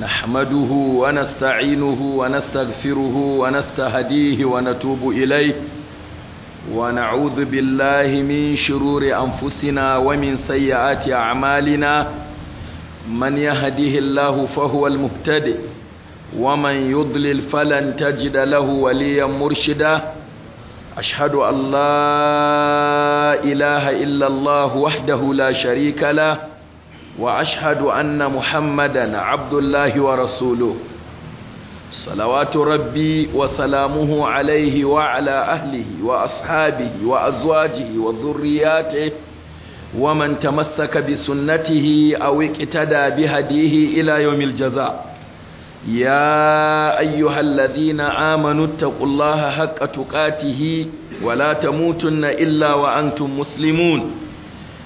نحمده ونستعينه ونستغفره ونستهديه ونتوب إليه ونعوذ بالله من شرور أنفسنا ومن سيئات أعمالنا من يهديه الله فهو المهتدي ومن يضلل فلن تجد له وليا مرشدا أشهد أن لا إله إلا الله وحده لا شريك له وأشهد أن محمدا عبد الله ورسوله صلوات ربي وسلامه عليه وعلى أهله وأصحابه وأزواجه وذرياته ومن تمسك بسنته أو اقتدى بهديه إلى يوم الجزاء يا أيها الذين آمنوا اتقوا الله حق تقاته ولا تموتن إلا وأنتم مسلمون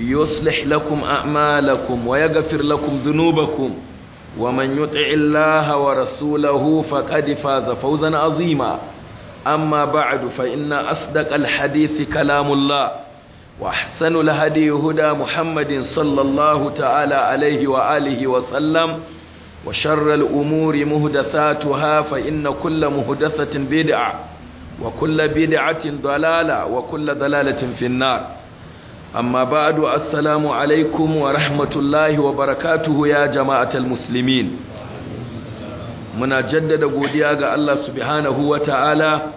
يصلح لكم أعمالكم ويغفر لكم ذنوبكم ومن يطع الله ورسوله فقد فاز فوزا عظيما أما بعد فإن أصدق الحديث كلام الله وأحسن الهدي هدى محمد صلى الله تعالى عليه وآله وسلم وشر الأمور مهدثاتها فإن كل مهدثة بدعة وكل بدعة ضلالة وكل ضلالة في النار Amma أما alaikum wa rahmatullahi wa الله ya jama'a ta المسلمين muna jaddada godiya ga Allah subhanahu wa ta'ala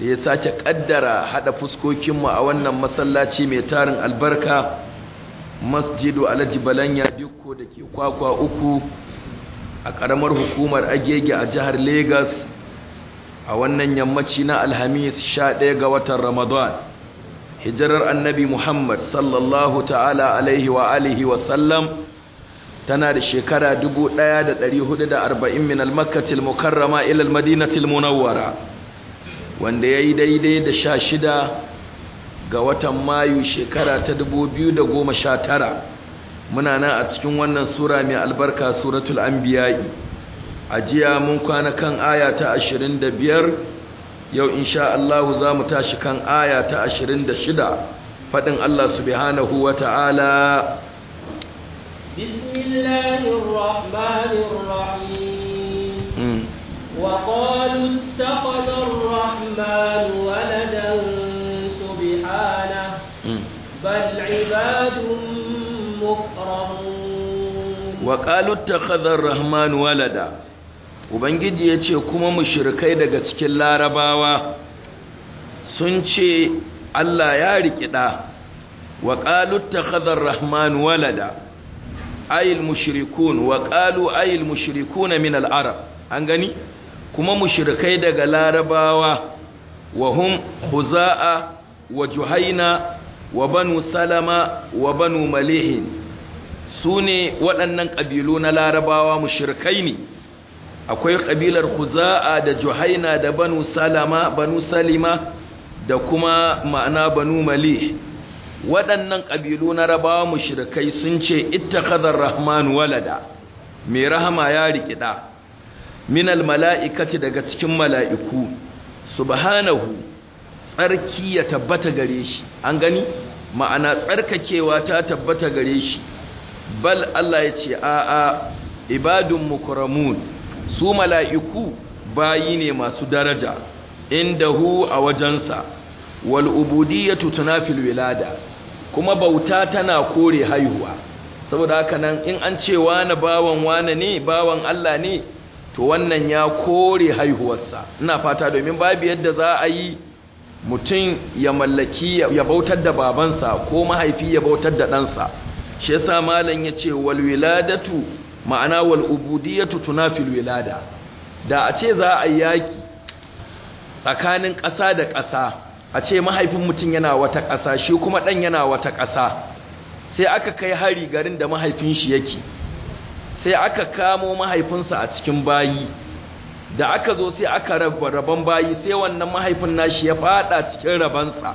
da ya sace kaddara hada fuskokinmu a wannan masallaci mai tarin albarka masjidu alhaji balanya dukko da ke kwakwa uku a ƙaramar hukumar agege a jihar Legas a wannan yammaci na alhamis 11 ga watan ramadan hijirar annabi Muhammad sallallahu ta'ala alaihi wa alihi wa sallam tana da shekara 1440 min al-makkatil mukarrama ila al-madinatil munawwara wanda yayi daidai da 16 ga watan mayu shekara ta 2019 muna nan a cikin wannan sura mai albarka suratul A ajiya mun kwana kan aya ta 25 yau insha Allah za mu tashi kan aya ta 26 fadin Allah subhanahu wa ta'ala bismillahir rahmanir rahim hmm. wa qalu ittakhadha ar-rahman waladan bihana, hmm. bal ibadun mukramun wa qalu ittakhadha ar rahmanu walada ubangiji ya ce kuma mushirikai daga cikin larabawa sun ce allah ya rikida wa ƙalu khazar rahman walada ayil mushirikun wa ƙalu ayil mushirikun min al'arab an gani kuma mushirikai daga larabawa wa hum khuza'a wa juhaina wa banu salama wa banu malihin su ne waɗannan ƙabilu na larabawa mushirikai ne akwai kabilar khuza'a da juhaina da banu salama banu salima da kuma ma'ana banu mali waɗannan ƙabilu na rabawa mushrikai sun ce kazar rahmanu walada mai rahama ya rikida minal mala'ikati daga cikin mala'iku subhanahu tsarki ya tabbata gare shi an gani ma'ana tsarkakewa ta tabbata gare shi bal Allah ya ce a'a ibadun mukramun su mala'iku bayi ne masu daraja Inda hu a wajensa wal’ubudi ya tutuna filwilada kuma bauta tana kore haihuwa saboda haka nan in an ce wani bawan wani ne bawan Allah ne to wannan ya kore haihuwarsa ina fata domin babu yadda za a yi mutum ya mallaki ya bautar da babansa ko mahaifi ya bautar da ɗansa shi ya sa malam ya ce walwiladatu ma'ana wal ubudiyatu tunafil wilada da a ce za a yaki tsakanin ƙasa da ƙasa a ce mahaifin mutum yana wata ƙasa shi kuma ɗan yana wata ƙasa sai aka kai hari garin da mahaifin shi yake sai aka kamo mahaifinsa a cikin bayi da aka zo sai aka raba raban bayi sai wannan mahaifin nashi ya fada cikin rabansa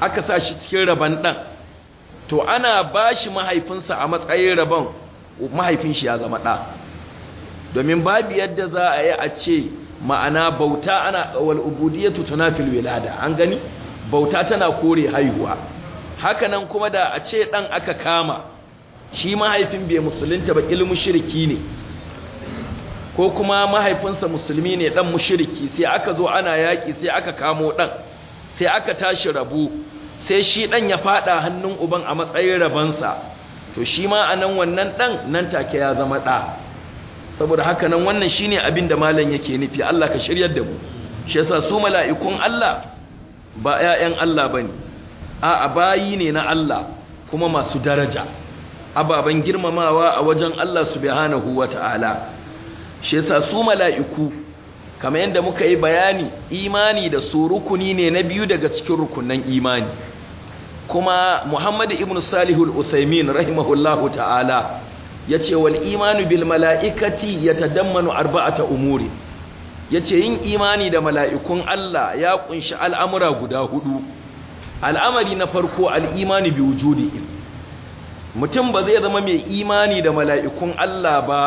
aka sa shi cikin raban ɗan to ana ba shi mahaifinsa a matsayin rabon. mahaifin shi ya zama ɗa domin babu yadda za a yi a ce ma'ana bauta ana wal ubudiyatu tunafil wilada an gani bauta tana kore haihuwa hakanan kuma da a ce ɗan aka kama shi mahaifin bai musulunta ba ilmu shiriki ne ko kuma mahaifinsa musulmi ne ɗan shirki, sai aka zo ana yaƙi sai aka kamo ɗan, sai aka tashi rabu sai shi ɗan ya faɗa hannun uban a matsayin rabansa to shi ma a nan wannan ɗan nan take ya zama ɗa. saboda haka nan wannan shine abin da malam yake nufi Allah ka shiryar da mu shi yasa su mala'ikun Allah ba ya'yan Allah ba ne. a bayi ne na Allah kuma masu daraja Ababen girmamawa a wajen Allah Su huwa ta'ala shi yasa su mala'iku Kama yadda muka yi bayani imani da su rukuni ne na biyu daga cikin rukunan imani kuma muhammad ibn salihul usaimin rahimahullahu ta'ala ya ce wal imanu bil mala'ikati ya arba'a arba'ata umuri ya ce yin imani da mala'ikun Allah ya kunshi al'amura guda hudu al'amari na farko al'imani bi wujudi mutum ba zai zama mai imani da mala'ikun Allah ba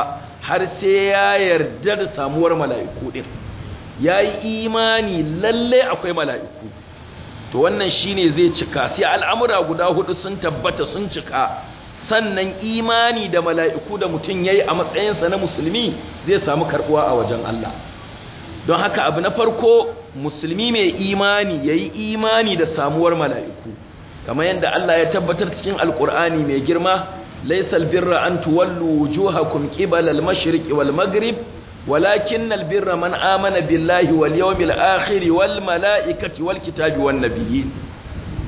har sai ya yarda da samuwar mala'iku ɗin ya yi imani lallai akwai mala'iku to wannan shine zai cika sai al'amura guda hudu sun tabbata sun cika sannan imani da mala'iku da mutum yayi a matsayinsa na musulmi zai samu karbuwa a wajen Allah don haka abu na farko musulmi mai imani yayi imani da samuwar mala'iku kamar yadda Allah ya tabbatar cikin alkur'ani mai girma laysal birra an tuwallu wujuhakum qibala al-mashriqi wal maghrib walakin albirra man amana billahi wal yawmil akhir wal malaikati wal kitabi wan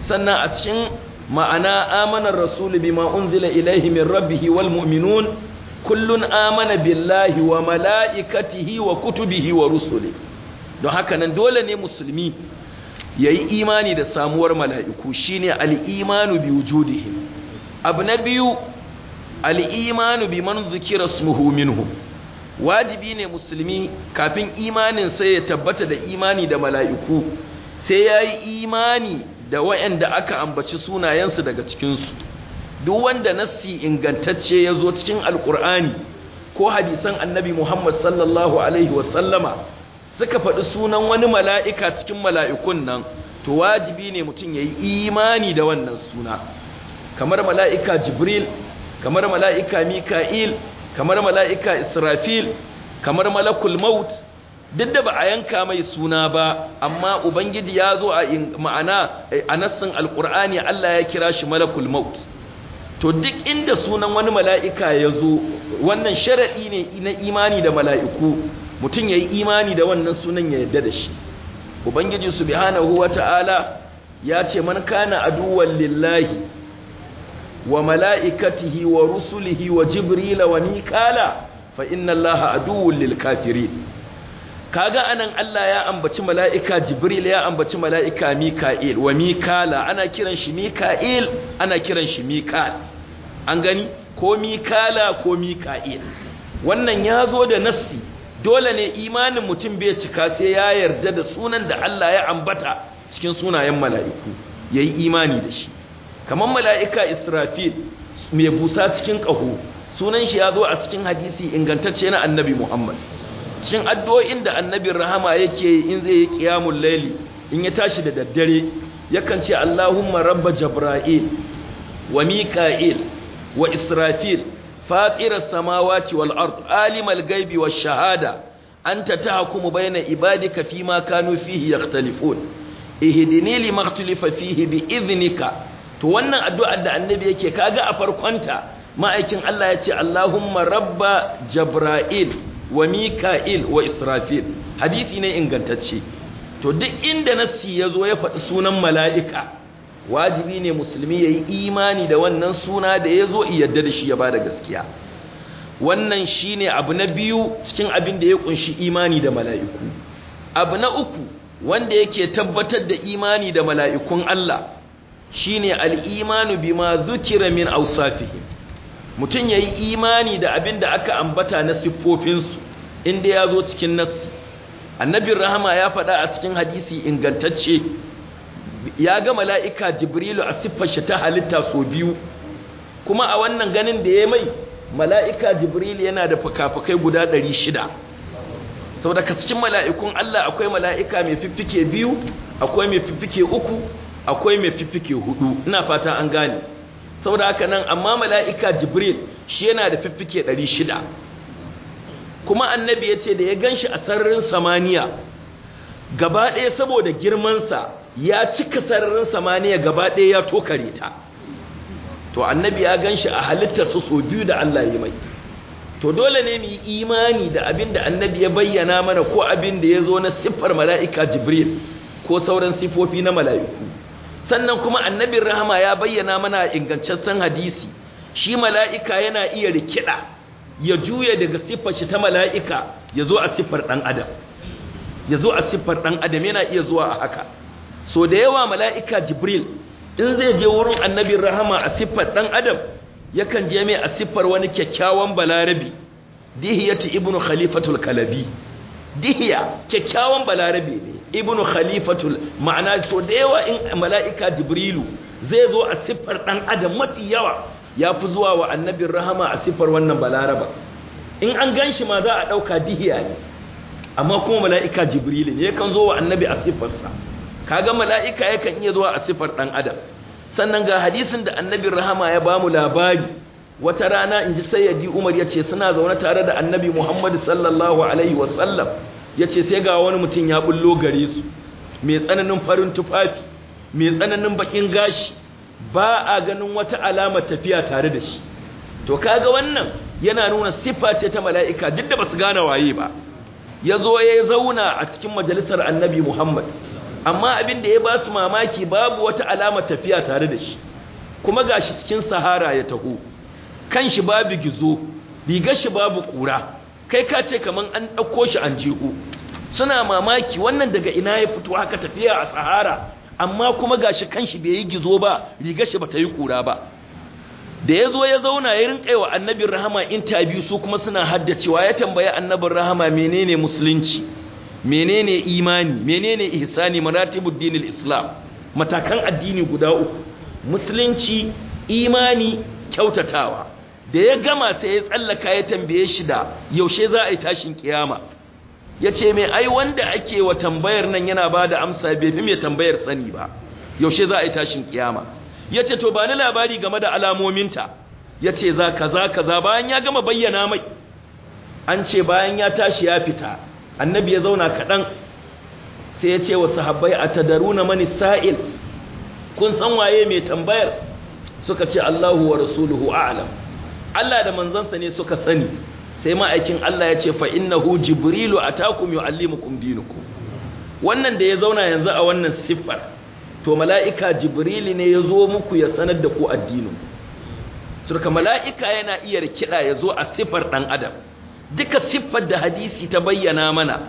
sannan a cikin ma'ana amana rasulu rasul bima unzila ilayhi min rabbih wal mu'minun kullun amana billahi wa malaikatihi wa kutubihi wa rusulihi don haka dole ne musulmi yayi imani da samuwar mala'iku shine al-imanu bi wujudihim biyu al-imanu bi man dhukira wajibi ne musulmi kafin imanin sai ya tabbata da imani da mala'iku sai ya yi imani da wayanda aka ambaci sunayensu daga cikinsu duk wanda nassi ingantacce ya zo cikin alkur'ani ko hadisan annabi muhammad sallallahu alaihi wasallama suka faɗi sunan wani mala'ika cikin mala'ikun nan to wajibi ne mutum ya yi imani da wannan suna kamar mala'ika jibril kamar mala'ika mika'il kamar mala'ika israfil kamar malakul maut duk da ba a yanka mai suna ba amma ubangiji ya zo a ma'ana eh, a nassin alkur'ani Allah ya kira shi malakul maut to duk inda sunan wani mala'ika ya zo wannan sharaɗi ne na imani da mala'iku mutum ya yi imani da wannan sunan ya yadda da shi ubangiji subhanahu ta'ala ya ce man kana aduwan lillahi wa mala'ikatihi wa rusulihi wa jibrila wa mikala fa inna allaha lil kafirin kaga anan Allah ya ambaci mala'ika jibril ya ambaci mala'ika mika'il wa mikala ana kiran shi mika'il ana kiran shi mikal an gani ko mikala ko mika'il wannan ya zo da nassi dole ne imanin mutum bai cika sai ya yarda da sunan da Allah ya ambata cikin sunayen mala'iku ya yi imani da shi kamar mala'ika israfil mai busa cikin ƙaho sunan shi ya zo a cikin hadisi ingantacce na annabi muhammad cikin addu'o'in da annabin rahama yake in zai yi ƙiyamun laili in ya tashi da daddare yakan ce allahumma rabba jabra'il wa mika'il wa israfil fatirar samawati wal ard alimal gaibi wa shahada anta tahkumu baina ibadika ma kanu fihi yakhtalifun ihdini lima ikhtalafa fihi bi iznika to wannan addu'ar da annabi yake kaga a farkonta ma'aikin Allah ya ce Allahumma rabba Jabra'il wa Mika'il wa Israfil hadisi ne ingantacce to duk inda nassi yazo ya faɗi sunan mala'ika wajibi ne musulmi yayi imani da wannan suna da ya zo yadda da shi ya ba da gaskiya wannan shine abu na biyu cikin abin da ya kunshi imani da mala'iku abu na uku wanda yake tabbatar da imani da mala'ikun Allah shine al-imanu bima zukira min awsafihi mutun yayi imani da abinda aka ambata na siffofin su inda yazo cikin nas annabi rahama ya faɗa a cikin hadisi ingantacce ya ga mala'ika jibrilu a siffar shi ta halitta so biyu kuma a wannan ganin da ya mai mala'ika jibrilu yana da fakafakai guda 600 sau ka cikin mala'ikun Allah akwai mala'ika mai fiffike biyu akwai mai fiffike uku akwai mai fiffike hudu ina fata an gane saboda haka nan amma mala'ika jibril shi yana da fiffike 600 kuma annabi ya ce da ya ganshi a sararin samaniya gaba ɗaya saboda girmansa ya cika sararin samaniya gaba ɗaya ya tokare ta to annabi ya ganshi a su sau biyu da allah ya mai to dole ne mu yi imani da abin da annabi ya bayyana mana ko abin da ya zo na siffar mala'ika jibril ko sauran sifofi na mala'iku sannan kuma annabin rahama ya bayyana mana ingantaccen hadisi shi mala'ika yana iya rikida ya juya daga siffar shi ta mala'ika ya zo a siffar dan adam ya zo a siffar dan adam yana iya zuwa a haka so da yawa mala'ika jibril in zai je wurin annabin rahama a siffar ɗan adam yakan je mai a siffar wani kyakkyawan balarabi dihiyatu ibnu khalifatul kalabi dihiya kyakkyawan balarabi ne ibnu khalifatul ma'ana so da yawa in mala'ika jibrilu zai zo a sifar dan adam mafi yawa ya fi zuwa wa annabin rahama a sifar wannan balaraba in an gan shi ma za a ɗauka dihiya ne amma kuma mala'ika jibrilu ne kan zo wa annabi a sa kaga mala'ika yakan iya zuwa a sifar ɗan adam sannan ga hadisin da annabin rahama ya bamu labari wata rana inji ji umar ya ce suna zaune tare da annabi muhammad sallallahu alaihi wasallam ya ce sai ga wani mutum ya bullo gare su mai tsananin farin tufafi mai tsananin bakin gashi ba a ganin wata alama tafiya tare da shi to kaga wannan yana nuna siffa ce ta mala'ika duk da basu gane waye ba ya zo ya zauna a cikin majalisar annabi muhammad amma abin da ya ba su mamaki babu wata alama tafiya tare da shi kuma gashi cikin sahara ya taho kan shi babu gizo rigar shi babu kura kai ka ce kaman an ɗauko shi an jihu suna mamaki wannan daga ina ya fito haka tafiya a sahara amma kuma gashi kanshi bai yi gizo ba riga shi ba ta yi kura ba da ya zo ya zauna ya rinka wa annabin rahama interview su kuma suna haddacewa ya tambaya annabin rahama menene musulunci menene imani menene ihsani maratibud dinil islam matakan addini guda uku musulunci imani kyautatawa da ya gama sai ya tsallaka ya tambaye shi da yaushe za a yi tashin kiyama ya ce mai ai wanda ake wa tambayar nan yana ba da amsa bai fi mai tambayar sani ba yaushe za a yi tashin kiyama ya ce to ba ni labari game da alamominta ya ce za kaza kaza bayan ya gama bayyana mai an ce bayan ya tashi ya fita annabi ya zauna kaɗan sai ya ce wa sahabbai a tadaruna mani sa'il kun san waye mai tambayar suka ce Allahu wa rasuluhu a'lam Allah da manzansa ne suka sani sai ma'aikin Allah ya ce fa innahu jibrilu atakum yuallimukum dinukum wannan da ya zauna yanzu a wannan siffar to mala'ika Jibrilu ne ya zo muku ya sanar da ku addinin surka mala'ika yana iya rikida ya zo a siffar ɗan adam duka siffar da hadisi ta bayyana mana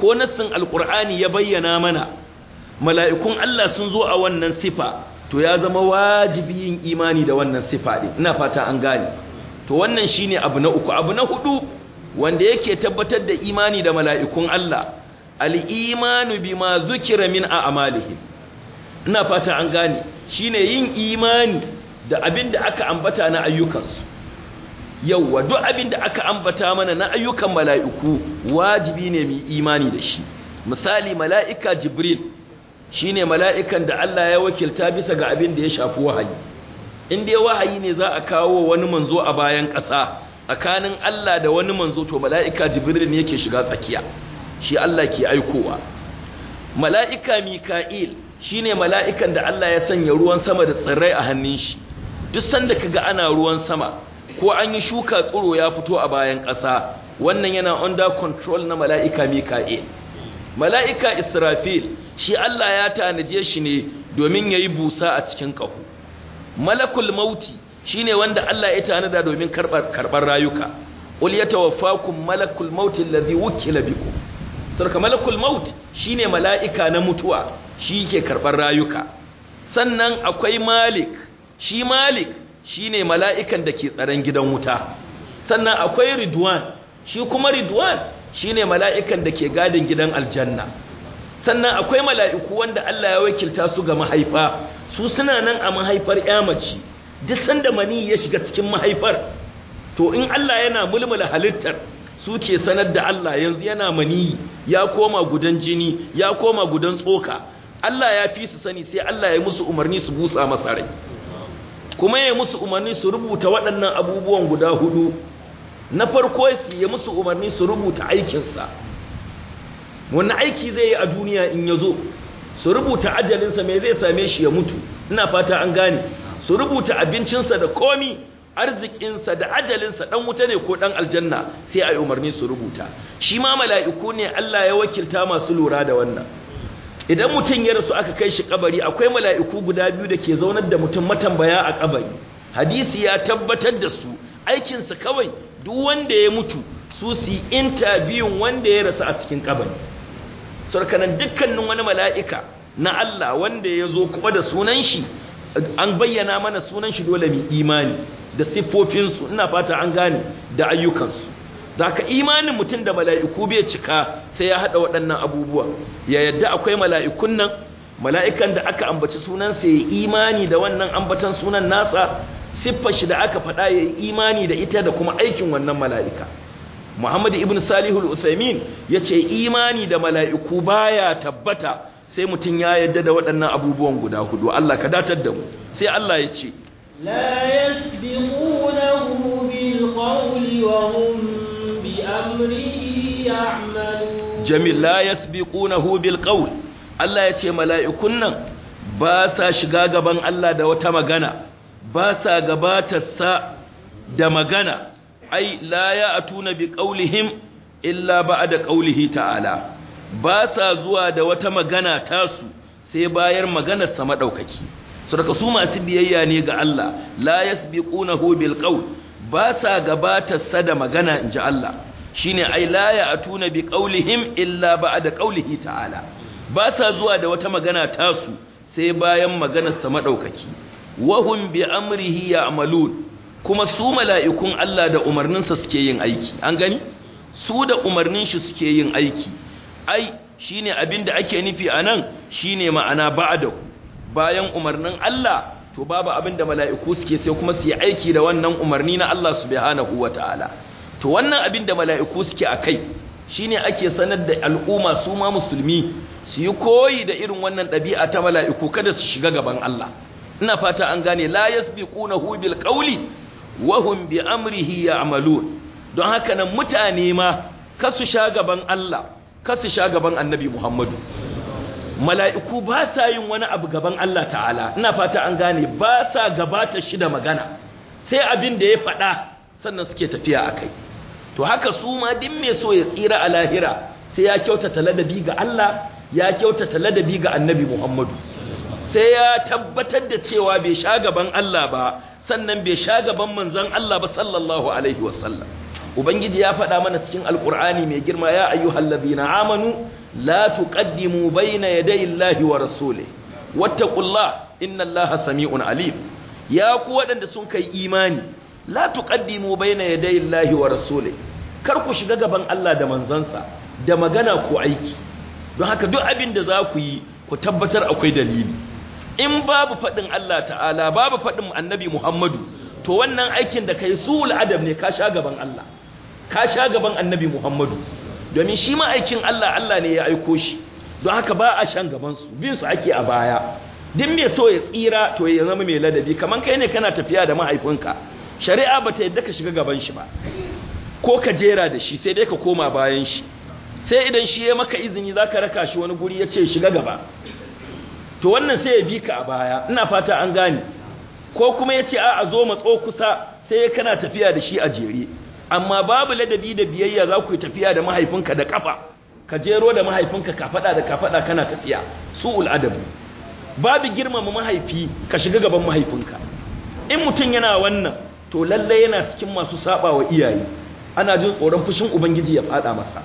ko nassin alqur'ani ya bayyana mana mala'ikun Allah sun zo a wannan siffa to ya zama wajibi yin imani da wannan siffa din ina fata an gane to wannan shine abu na uku abu na hudu wanda yake tabbatar da imani da mala'ikun Allah al-imanu bima zukira min a'malihim ina fata an gane shine yin imani da abin da aka ambata na ayyukansu yawwa duk abin da aka ambata mana na ayyukan mala'iku wajibi ne mu imani da shi misali mala'ika jibril shine mala'ikan da Allah ya wakilta bisa ga abin da ya shafi wahayi in dai wahayi ne za a kawo wani manzo a bayan ƙasa tsakanin Allah da wani manzo to mala'ika jibril ne yake shiga tsakiya shi Allah ke aikowa mala'ika mika'il shine mala'ikan da Allah ya sanya ruwan sama da tsirrai a hannun shi duk sanda kaga ana ruwan sama ko an yi shuka tsiro ya fito a bayan ƙasa wannan yana under control na mala'ika mika'il mala'ika israfil shi Allah ya tanaje shi ne domin yayi busa a cikin ƙaho malakul mauti shine wanda Allah ya tanada domin karbar karbar rayuka ul yatawaffakum malakul mauti alladhi wukila bikum sarka malakul shi shine mala'ika na mutuwa shi yake karbar rayuka sannan akwai malik shi malik shine mala'ikan da ke tsaron gidan wuta sannan akwai ridwan shi kuma ridwan shine mala'ikan da ke gadin gidan aljanna sannan akwai mala'iku wanda Allah ya wakilta su ga mahaifa su suna nan a mahaifar ya mace duk sanda mani ya shiga cikin mahaifar to in Allah yana mulmula halittar su ke sanar da Allah yanzu yana mani ya koma gudan jini ya koma gudan tsoka Allah ya fi su sani sai Allah ya musu umarni su busa masa rai kuma ya musu umarni su rubuta waɗannan abubuwan guda hudu na farko ya musu umarni su rubuta aikinsa wani aiki zai yi a duniya in ya zo su rubuta ajalinsa mai zai same shi ya mutu ina fata an gane su rubuta abincinsa da komi arzikinsa da ajalinsa dan wuta ne ko dan aljanna sai ayi umarni su rubuta shi ma mala'iku ne Allah ya wakilta masu lura da wannan idan mutum ya rasu aka kai shi kabari akwai mala'iku guda biyu da ke zaunar da mutum matambaya a kabari hadisi ya tabbatar da su aikinsa kawai duk wanda ya mutu su su interview wanda ya rasu a cikin kabari sarkanan dukkanin wani mala'ika na Allah wanda ya zo kuma da sunan shi an bayyana mana sunan shi dole mu imani da siffofinsu ina fata an gane da ayyukansu zaka imanin mutum da mala'iku bai cika sai ya hada waɗannan abubuwa ya yadda akwai mala'ikun nan mala'ikan da aka ambaci sunan sa ya imani da wannan ambatan sunan nasa siffar shi da aka faɗa ya imani da ita da kuma aikin wannan mala'ika Muhammad ibn Salihul Usaimin ya ce imani da mala'iku baya tabbata sai mutum ya yadda da waɗannan abubuwan guda hudu Allah ka datar da mu sai Allah ya ce la yasbiqunahu bil qawli wa hum bi amrihi ya'malun jamil la yasbiqunahu bil qawl Allah ya ce mala'ikun nan ba sa shiga gaban Allah da wata magana ba sa sa da magana ai la ya'tuna bi qawlihim illa ba'da qawlihi ta'ala ba sa zuwa da wata magana tasu sai bayar maganar sa madaukaki su daga su masu biyayya ne ga Allah la yasbiqunahu bil qawl ba sa gabata sa da magana ji Allah shine ai la ya tuna bi qawlihim illa da qawlihi ta'ala ba sa zuwa da wata magana tasu sai bayan maganar sa madaukaki wahum bi amrihi ya'malun kuma su mala'ikun Allah da umarninsa suke yin aiki an gani su da umarnin shi suke yin aiki ai shine abin da ake nufi anan shine ma'ana ba'dahu bayan umarnin Allah to babu abin da mala'iku suke sai kuma su yi aiki da wannan umarni na Allah subhanahu wataala to wannan abin da mala'iku suke akai shine ake sanar da al'umma su ma musulmi su yi koyi da irin wannan ɗabi'a ta mala'iku kada su shiga gaban Allah ina fata an gane la yasbiqunahu bil qawli wa hum bi amrihi ya'malun don haka nan mutane ma kasu sha gaban Allah kasu sha gaban annabi Muhammadu mala'iku ba sa yin wani abu gaban Allah ta'ala ina fata an gane ba sa gabata shi da magana sai abin da ya faɗa sannan suke tafiya a kai to haka su ma din mai so ya tsira a lahira sai ya kyautata ladabi ga Allah ya kyautata ladabi ga annabi Muhammadu sai ya tabbatar da cewa bai sha gaban Allah ba sannan bai sha gaban manzon Allah ba sallallahu alaihi wasallam ubangiji ya faɗa mana cikin alkur'ani mai girma ya ayyuhal ladina amanu la tuqaddimu bayna yaday wa rasuli wattaqullah innallaha sami'un alim ya ku waɗanda sun kai imani la tuqaddimu bayna wa rasuli kar ku shiga gaban Allah da manzansa da magana ko aiki don haka duk abin da za ku yi ku tabbatar akwai dalili in babu faɗin Allah ta'ala babu faɗin annabi Muhammadu to wannan aikin da kai su'ul adab ne ka sha gaban Allah ka sha gaban annabi muhammadu domin shi ma'aikin allah allah ne ya aiko shi don haka ba a shan gabansu binsu ake a baya din mai so ya tsira to ya zama mai ladabi kamar kai ne kana tafiya da mahaifinka shari'a ba ta yadda ka shiga gaban shi ba ko ka jera da shi sai dai ka koma bayan shi sai idan shi ya maka izini za ka raka shi wani guri ya ce shiga gaba to wannan sai ya bi ka a baya ina fata an gane ko kuma ya ce a zo matso kusa sai ya kana tafiya da shi a jere amma babu ladabi da biyayya za ku yi tafiya da mahaifinka da kafa ka jero da mahaifinka ka faɗa da ka faɗa kana tafiya su'ul adabu babu girmama mahaifi ka shiga gaban mahaifinka in mutum yana wannan to lallai yana cikin masu saba wa iyaye ana jin tsoron fushin ubangiji ya faɗa masa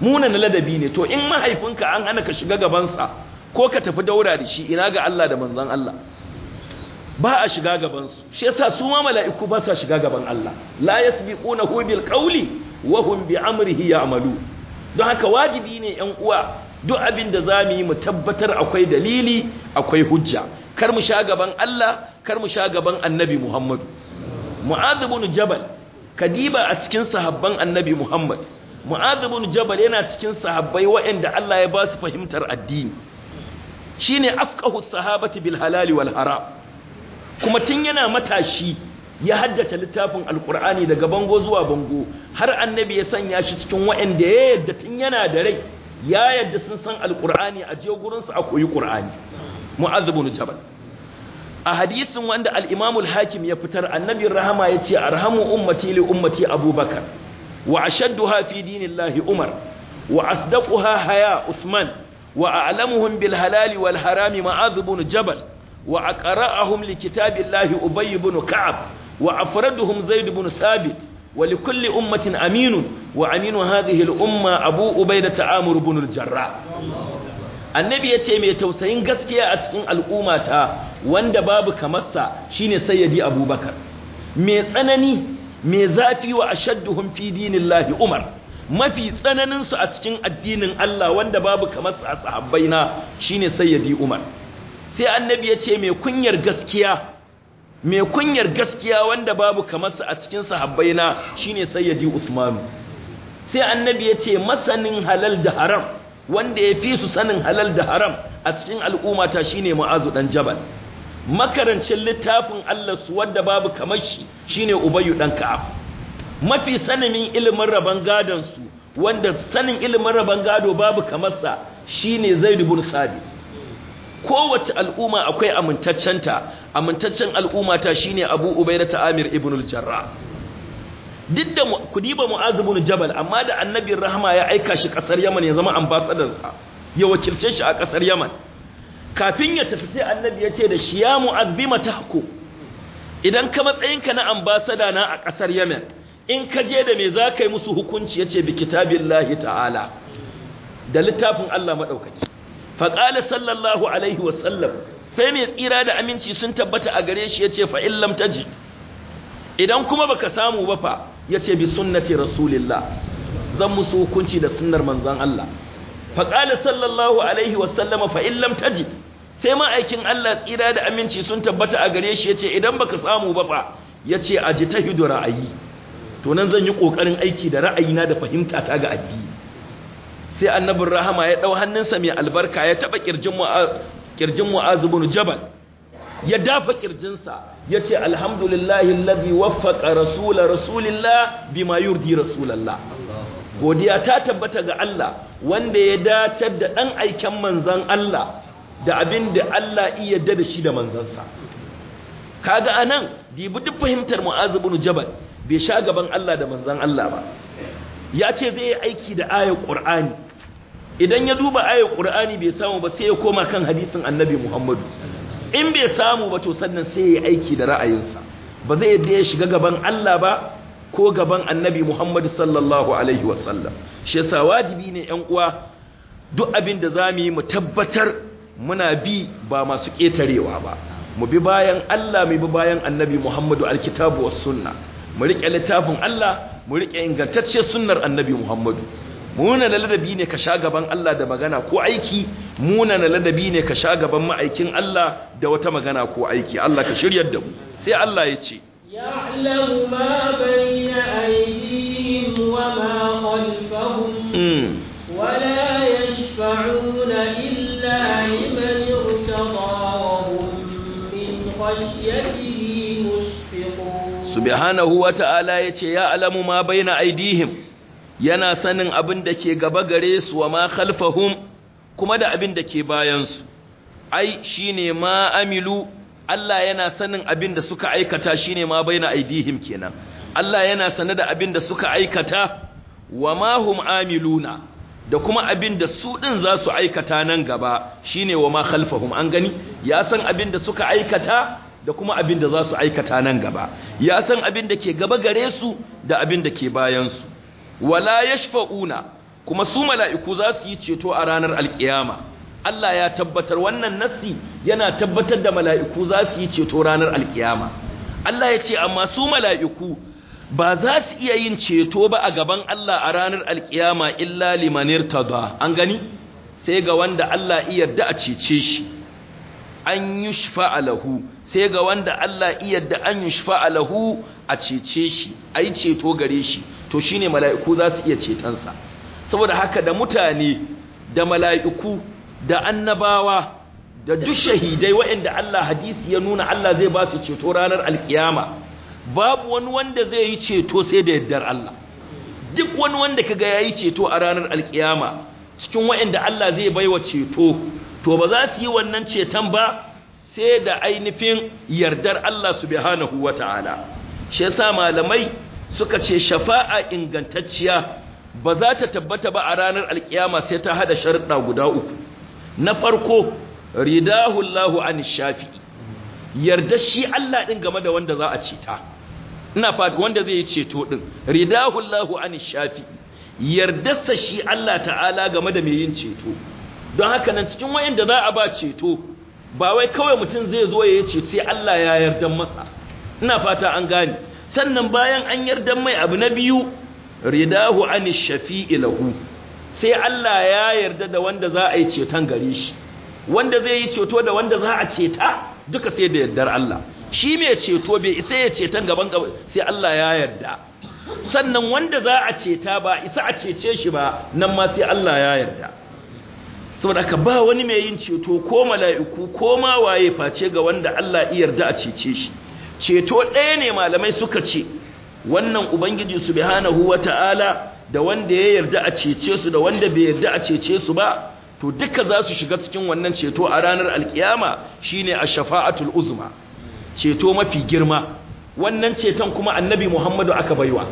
Muna na ladabi ne to in mahaifinka an hana ka shiga gabansa ko ka tafi daura da shi ina ga Allah da manzon Allah ba a shiga gabansu shi yasa su ma mala'iku ba sa shiga gaban Allah la yasbiqunahu bil qawli wa hum bi amrihi ya'malu don haka wajibi ne ƴan uwa duk abin da za mu yi mu tabbatar akwai dalili akwai hujja kar mu sha gaban Allah kar mu sha gaban Annabi Muhammad Mu'adh ibn Jabal kadiba a cikin sahabban Annabi Muhammad Mu'adh ibn Jabal yana cikin sahabbai waɗanda Allah ya ba su fahimtar addini shine afqahu sahabati bil halali wal haram kuma tun yana matashi ya haddace littafin alkur'ani daga bango zuwa bango har annabi ya sanya shi cikin waɗanda ya yadda tun yana da rai ya yadda sun san alkur'ani a je gurinsu a koyi ƙur'ani mu'azzabu na jabal a hadisin wanda Al'imamul hakim ya fitar annabi rahama ya ce arhamu ummati li ummati abubakar wa ashadduha fi dinillahi umar wa asdaquha haya usman wa a'lamuhum bil halali wal harami jabal wa aqra'ahum li kitabillahi ubay ibn ka'ab wa afraduhum zaid ibn sabit wa li kulli ummatin aminun wa aminu hadhihi al umma abu ubayda amr ibn al jarrah annabi yace mai tausayin gaskiya a cikin al'ummata wanda babu kamarsa shine sayyidi abubakar mai tsanani mai zafi wa ashadduhum fi umar mafi tsananinsu a cikin addinin Allah wanda babu kamar sa sahabbaina shine sayyidi Umar sai annabi ya ce mai kunyar gaskiya mai kunyar gaskiya wanda babu kamarsa a cikin sahabbaina shine sayyidi usman sai annabi ya ce masanin halal da haram wanda ya fi su sanin halal da haram a cikin al'ummata shine mu'azu dan jabal makarancin littafin Allah su wanda babu kamar shi shine ubayyu dan ka'ab mafi sanin ilimin raban gadon su wanda sanin ilimin raban gado babu kamarsa shine zaid ibn sabit kowace al'umma akwai amintaccenta amintaccen al'umma ta shine Abu Ubaida ta Amir ibn al-Jarrah duk da kudiba Mu'az ibn Jabal amma da Annabi Rahma ya aika shi kasar Yaman ya zama ambassador sa ya wakilce shi a kasar Yaman kafin ya tafi sai Annabi ya ce da shi ya Mu'az bima tahku idan ka matsayinka na ambassador na a kasar Yaman in ka je da me za ka yi musu hukunci ya ce bi kitabillahi ta'ala da littafin Allah madaukaki faƙala sallallahu alaihi wasallam sai mai tsira da aminci sun tabbata a gare shi ya ce ta ji. idan kuma baka samu ba fa ya ce bi sunnati rasulillah zan musu hukunci da sunnar manzan Allah faƙala sallallahu alaihi wasallama ta ji, sai ma'aikin Allah tsira da aminci sun tabbata a gare shi ya ce idan baka samu ba fa ya ce a ji ta hidu ra'ayi to nan zan yi ƙoƙarin aiki da ra'ayina da fahimta ta ga addini sai annabin rahama ya ɗau hannunsa mai albarka ya taɓa ƙirjin kirjin mu'az jabal ya dafa kirjinsa ya ce alhamdulillahi alladhi waffaƙa rasula rasulillah bima yurdi rasulallah godiya ta tabbata ga Allah wanda ya dace da ɗan aiken manzan Allah da abin da Allah iya da shi da manzansa kaga anan dibi duk fahimtar Mu'az ibn Jabal bai sha gaban Allah da manzon Allah ba ya ce zai yi aiki da ayar ƙur'ani idan ya duba ayar qur'ani bai samu ba sai ya koma kan hadisin annabi muhammadu in bai samu ba to sannan sai ya aiki da ra'ayinsa ba zai yadda ya shiga gaban Allah ba ko gaban annabi muhammadu sallallahu alaihi wasallam shi yasa wajibi ne yan uwa duk abin da za yi mu tabbatar muna bi ba masu ƙetarewa ba mu bi bayan Allah mu bi bayan annabi muhammadu alkitabu was sunna mu riƙe littafin Allah mu riƙe ingantacciyar sunnar annabi muhammadu munana ladabi ne ka sha gaban Allah da magana ko aiki munana ladabi ne ka sha gaban ma'aikin Allah da wata magana ko aiki Allah ka shiryar da mu sai Allah ya ce ya'lamu ma bayna aydihim wa ma khalfahum hmm. wa la yashfa'una illa liman irtada wa hum min khashyatihi mushfiqun subhanahu wa ta'ala yace ya'lamu ma bayna aydihim yana sanin abin da ke gaba gare su wa ma khalfahum kuma da abin da ke bayansu ai shine ma amilu Allah yana sanin abin da suka aikata shine ma baina aidihim kenan Allah yana sane da abin da suka aikata wa ma hum amiluna da kuma abin da su din za su aikata nan gaba shine wa ma khalfahum an gani ya san abin da suka aikata da kuma abin da za su aikata nan gaba ya san abin da ke gaba gare su da abin da ke bayansu wala yashfa'una kuma su mala'iku za su yi ceto a ranar alkiyama Allah ya tabbatar wannan nassi yana tabbatar da mala'iku za su yi ceto ranar alkiyama Allah ya ce amma su mala'iku ba za su iya yin ceto ba a gaban Allah a ranar alkiyama illa limanir tada an gani sai ga wanda Allah iya yarda a cece shi an yushfa lahu sai ga wanda Allah iya yarda an yushfa lahu a cece shi a yi ceto gare shi to shi ne mala'iku za su iya cetonsa saboda haka da mutane da mala'iku da annabawa da duk shahidai waɗanda Allah hadisi ya nuna Allah zai ba su ceto ranar alkiyama babu wani wanda zai yi ceto sai da yardar Allah duk wani wanda kaga ya yi ceto a ranar alkiyama cikin waɗanda Allah zai baiwa ceto to ba za su yi wannan ceton ba sai da ainihin yardar Allah subhanahu wa Ta'ala. shi yasa malamai suka ce shafa'a ingantacciya ba za ta tabbata ba a ranar alkiyama sai ta hada sharuɗa guda uku na farko ridahu Allahu an shafi. yarda shi Allah din game da wanda za a ceta ina fata wanda zai yi ceto din ridahu Allahu an yarda yardarsa shi Allah ta'ala game da me yin ceto don haka nan cikin wayanda za a ba ceto ba wai kawai mutum zai zo ya yi ceto sai Allah ya yarda masa ina fata an gane. sannan bayan an yarda mai abu na biyu ridahu ani shafi'i lahu sai Allah ya yarda da wanda za a yi ceton gare shi wanda zai yi ceto da wanda za a ceta duka sai da yardar Allah shi mai ceto bai isa ya ceton gaban sai Allah ya yarda sannan wanda za a ceta ba isa a cece shi ba nan ma sai Allah ya yarda saboda ka ba wani mai yin ceto ko mala'iku ko ma waye face ga wanda Allah ya yarda a cece shi ceto ɗaya ne malamai suka ce wannan ubangiji su huwa wata'ala da wanda ya yarda a cece su da wanda bai yarda a cece su ba to duka za su shiga cikin wannan ceto a ranar alkiyama shine a shafaatul uzma ceto mafi girma wannan ceton kuma annabi Muhammadu aka baiwa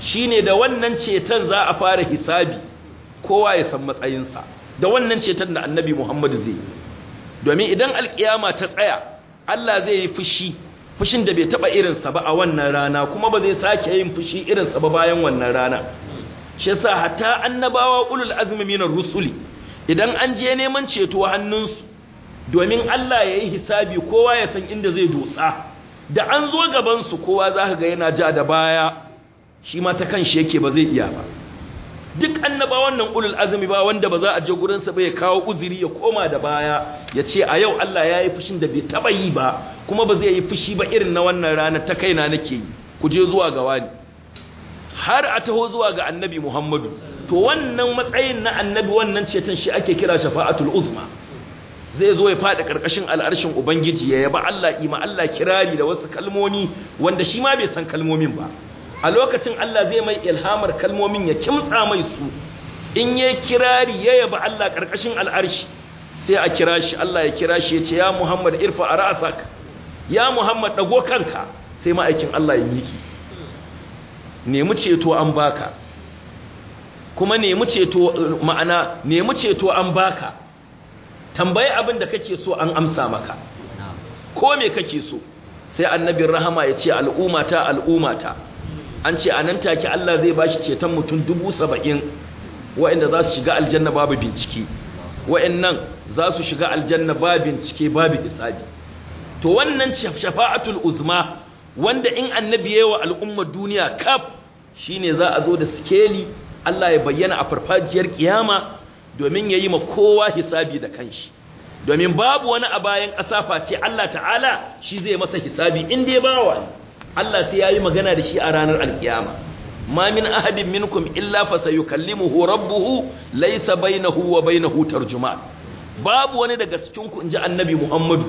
shine da wannan ceton za a fara hisabi kowa ya san matsayinsa da wannan ceton da annabi Muhammadu zai domin idan alkiyama ta tsaya Allah zai yi fushi fushin da bai taba irinsa ba a wannan rana kuma ba zai sake yin fushi irin sa ba bayan wannan rana shi yasa hatta annabawa ulul azmi minar rusuli idan an je neman ceto hannunsu domin Allah ya yi hisabi kowa ya san inda zai dosa da an zo gabansu kowa za ka ga yana ja da baya shi ma ta kanshi shi yake ba zai iya ba duk annabawan nan ulul azumi ba wanda ba za a je gurin sa ba ya kawo uzuri ya koma da baya ya ce a yau Allah ya yi fushin da bai taba yi ba kuma ba zai yi fushi ba irin na wannan rana ta kaina nake yi ku je zuwa ga wani har a taho zuwa ga annabi muhammadu to wannan matsayin na annabi wannan ceton shi ake kira shafa'atul uzma zai zo ya faɗi ƙarƙashin al'arshin ubangiji ya yaba Allah ima Allah kirari da wasu kalmomi wanda shi ma bai san kalmomin ba a lokacin Allah zai mai ilhamar kalmomin ya kimtsa mai su in yayi kirari ya yaba Allah karkashin al'arshi sai a kira shi Allah ya kira shi ya ce ya Muhammad irfa ra'sak ya Muhammad dago kanka sai ma'aikin Allah ya miki nemi ceto an baka kuma nemi ma'ana nemi ceto an baka tambaye abin da kake so an amsa maka ko me kake so sai annabin rahama ya ce al'umata al'umata an ce a nan take Allah zai ba shi ceton mutum dubu saba'in wa'inda za su shiga aljanna babu bincike wa'innan za su shiga aljanna babu bincike babu hisabi to wannan shafa'atul uzma wanda in annabi yayi wa al'ummar duniya kaf shine za a zo da sikeli Allah ya bayyana a farfajiyar kiyama domin yayi ma kowa hisabi da kanshi domin babu wani a bayan ƙasa face Allah ta'ala shi zai masa hisabi in dai bawa ne Allah sai yayi magana da shi a ranar alkiyama ma min ahadin minkum illa sayukallimuhu rabbuhu laysa bainahu wa bainahu tarjuman babu wani daga cikin ku inji annabi Muhammadu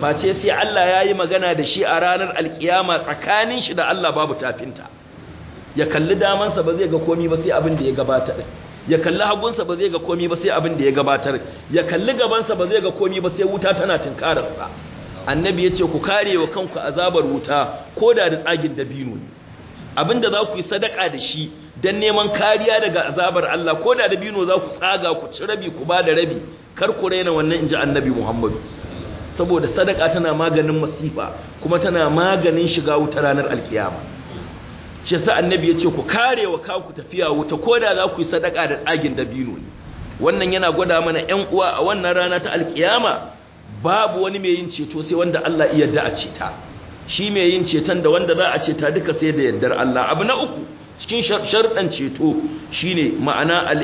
face sai Allah yayi magana da shi a ranar alkiyama tsakanin shi da Allah babu tafinta ya kalli damansa ba zai ga komai ba sai abin da ya gabata ya kalli hagunsa ba zai ga komai ba sai abin da ya gabatar ya kalli gabansa ba zai ga komi ba sai wuta tana tinkararsa annabi ya ce ku kare wa kanku azabar wuta ko da da tsagin dabino abinda za ku yi sadaka da shi don neman kariya daga azabar Allah ko da dabino za ku tsaga ku ci rabi ku ba da rabi kar ku raina wannan inji annabi Muhammadu saboda sadaka tana maganin masifa kuma tana maganin shiga wuta ranar alkiyama shi sa annabi ya ce ku kare wa kanku tafiya wuta ko da za ku yi sadaka da tsagin dabino wannan yana gwada mana yan uwa a wannan rana ta alkiyama babu wani mai yin ceto sai wanda Allah ya yarda a ceta shi mai yin ceton da wanda za a ceta duka sai da yardar Allah abu na uku cikin sharɗan ceto shine ma'ana al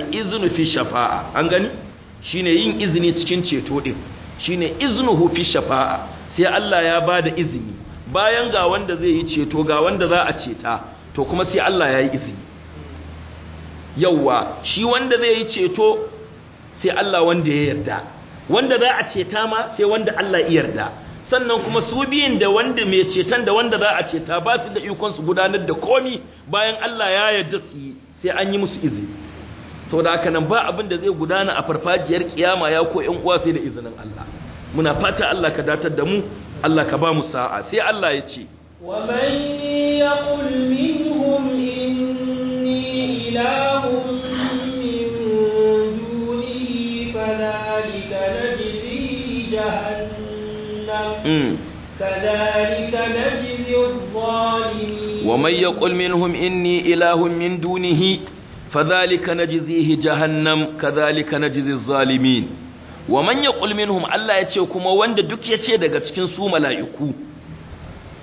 fi shafa'a an gani shine yin izini cikin ceto din shine iznuhu fi shafa'a sai Allah ya ba da izini bayan ga wanda zai yi ceto ga wanda za a ceta to kuma sai Allah ya yi izini yawwa shi wanda zai yi ceto sai Allah wanda ya yarda wanda za a ceta ma sai wanda Allah ya yarda sannan kuma su biyin da wanda mai cetan da wanda za a ceta ba su da ikon su gudanar da komi bayan Allah ya yarda su yi sai an yi musu izini saboda haka nan ba abin da zai gudana a farfajiyar kiyama ya ko ƴan uwa sai da izinin Allah muna fata Allah ka datar da mu Allah ka ba mu sa'a sai Allah ya ce wa man yaqul minhum inni ilahun جهنم كذلك نجزي الظالمين ومن يقل منهم إني إله من دونه فذلك نجزيه جهنم كذلك نجزي الظالمين ومن يقل منهم الله يتيكم وند دك يتي daga cikin su malaiku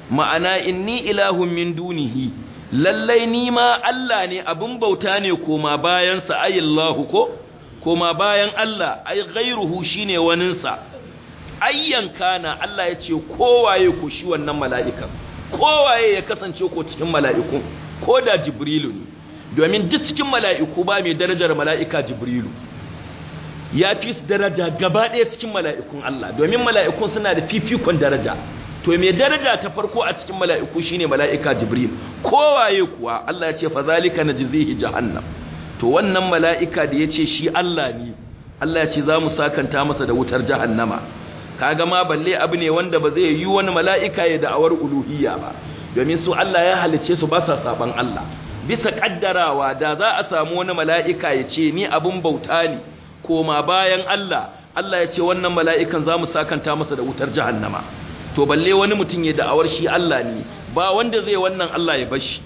ma'ana inni ilahun min dunihi lallai ni ma Allah ne abin bauta ne koma bayan sa ayillahu ko koma bayan Allah ai ghairuhu shine waninsa ayyan kana Allah ya ce kowaye ku shi wannan mala'ikan kowaye ya kasance ko cikin mala'iku ko da jibrilu ne domin duk cikin mala'iku ba mai darajar mala'ika jibrilu ya fi su daraja gaba ɗaya cikin mala'ikun Allah domin mala'ikun suna da fifikon daraja to mai daraja ta farko a cikin mala'iku shine mala'ika jibril kowaye kuwa Allah ya ce fa zalika jizihi jahannam to wannan mala'ika da ya ce shi Allah ne Allah ya ce za mu sakanta masa da wutar jahannama kaga ma balle abu ne wanda ba zai yi wani mala'ika ya da'awar uluhiyya ba domin su Allah ya halice su ba sa saban Allah bisa ƙaddarawa da za a samu wani mala'ika ya ce ni abin bauta ne koma bayan Allah Allah ya ce wannan mala'ikan za mu sakanta masa da wutar jahannama to balle wani mutum ya da'awar shi Allah ne ba wanda zai wannan Allah ya bashi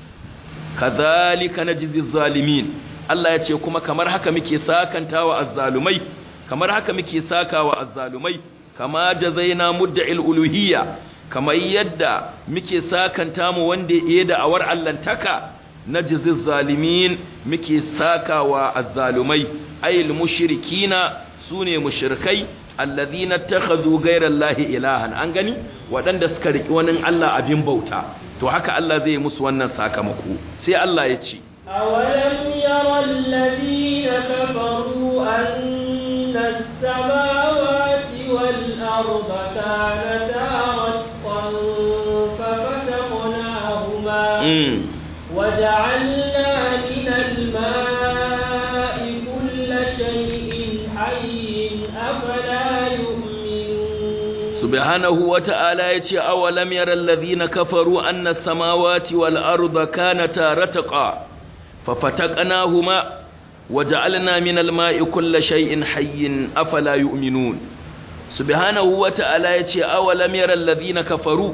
kazalika najzi zalimin Allah ya ce kuma kamar haka muke sakanta wa azzalumai kamar haka muke sakawa azzalumai kama jazaina mudda'il uluhiyya kamar yadda muke sakanta mu wanda ya da awar allantaka najziz zalimin muke sakawa azzalumai ayil mushrikina sune mushrikai alladhina takhazu ghayra gairallahi, ilahan an gani waɗanda suka riki wani Allah abin bauta to haka Allah zai musu wannan sakamako sai Allah ya ce awalam yara alladhina kafaru anna as-samawati الأرض كانتا رتقا ففتقناهما وجعلنا من الماء كل شيء حي أفلا يؤمنون سبحانه وتعالى يتي أولم يرى الذين كفروا أن السماوات والأرض كانتا رتقا ففتقناهما وجعلنا من الماء كل شيء حي أفلا يؤمنون subhanahu wata'ala yace awalam yaral ladina kafaru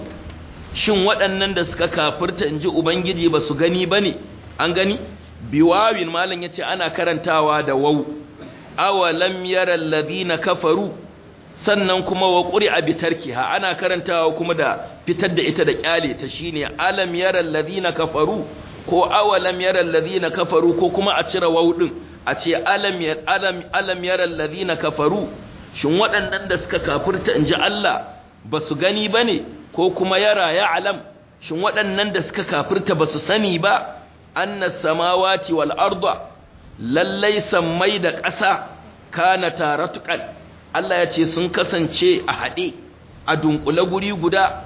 shin waɗannan da suka kafirta inji ubangiji ba su gani bane an gani biwawin malam yace ana karantawa da waw awalam yaral ladina kafaru sannan kuma wa qur'a bitarkiha ana karantawa kuma da fitar da ita da kyale ta shine alam yaral ladina kafaru ko awalam yaral ladina kafaru ko kuma a cire wau din a ce alam yar alam kafaru shin waɗannan da suka kafirta in ji Allah ba su gani ba ne ko kuma yara ya alam shin waɗannan da suka kafirta ba su sani ba annas samawati wal arda lallai sammai da ƙasa kana taratukan Allah ya ce sun kasance a haɗe a dunkule guri guda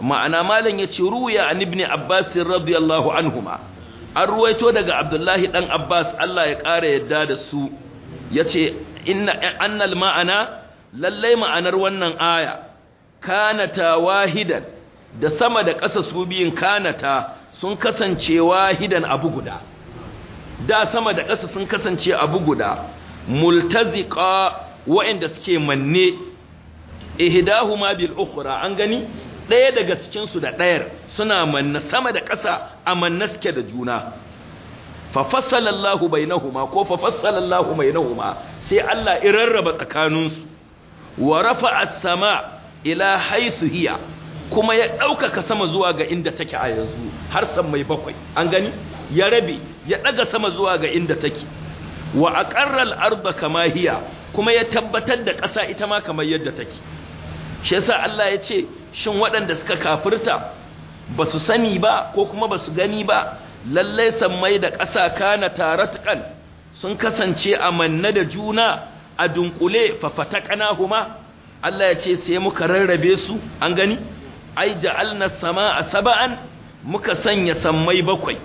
ma'ana malam ya ce ruya an ibn abbas radiyallahu anhuma an ruwaito daga abdullahi dan abbas Allah ya ƙara yadda da su yace. inna annal ma'ana lallai ma'anar wannan aya kanata wahidan da sama da ƙasa su biyun kanata sun kasance wahidan abu guda da sama da ƙasa sun kasance abu guda multaziqa wa'inda suke manne ihdahuma bil ukhra an gani ɗaya daga cikin su da ɗayar suna manne sama da ƙasa a manne suke da juna fa fassalallahu bainahuma ko fa fassalallahu bainahuma sai Allah ya rarraba tsakaninsu wa rafa'a as-sama ila haythu hiya kuma ya ɗaukaka sama zuwa ga inda take a yanzu har san mai bakwai an gani ya rabe ya ɗaga sama zuwa ga inda take wa aqarra al-arda kama hiya kuma ya tabbatar da ƙasa ita ma kamar yadda take shi yasa Allah ya ce shin waɗanda suka kafirta ba su sani ba ko kuma ba su gani ba lallai sammai da ƙasa kana taratqan sun kasance a manne da juna a dunkule fa ƙanahuma. Allah ya ce sai muka rarrabe su an gani ai ja'alna samaa sab'an muka sanya sammai bakwai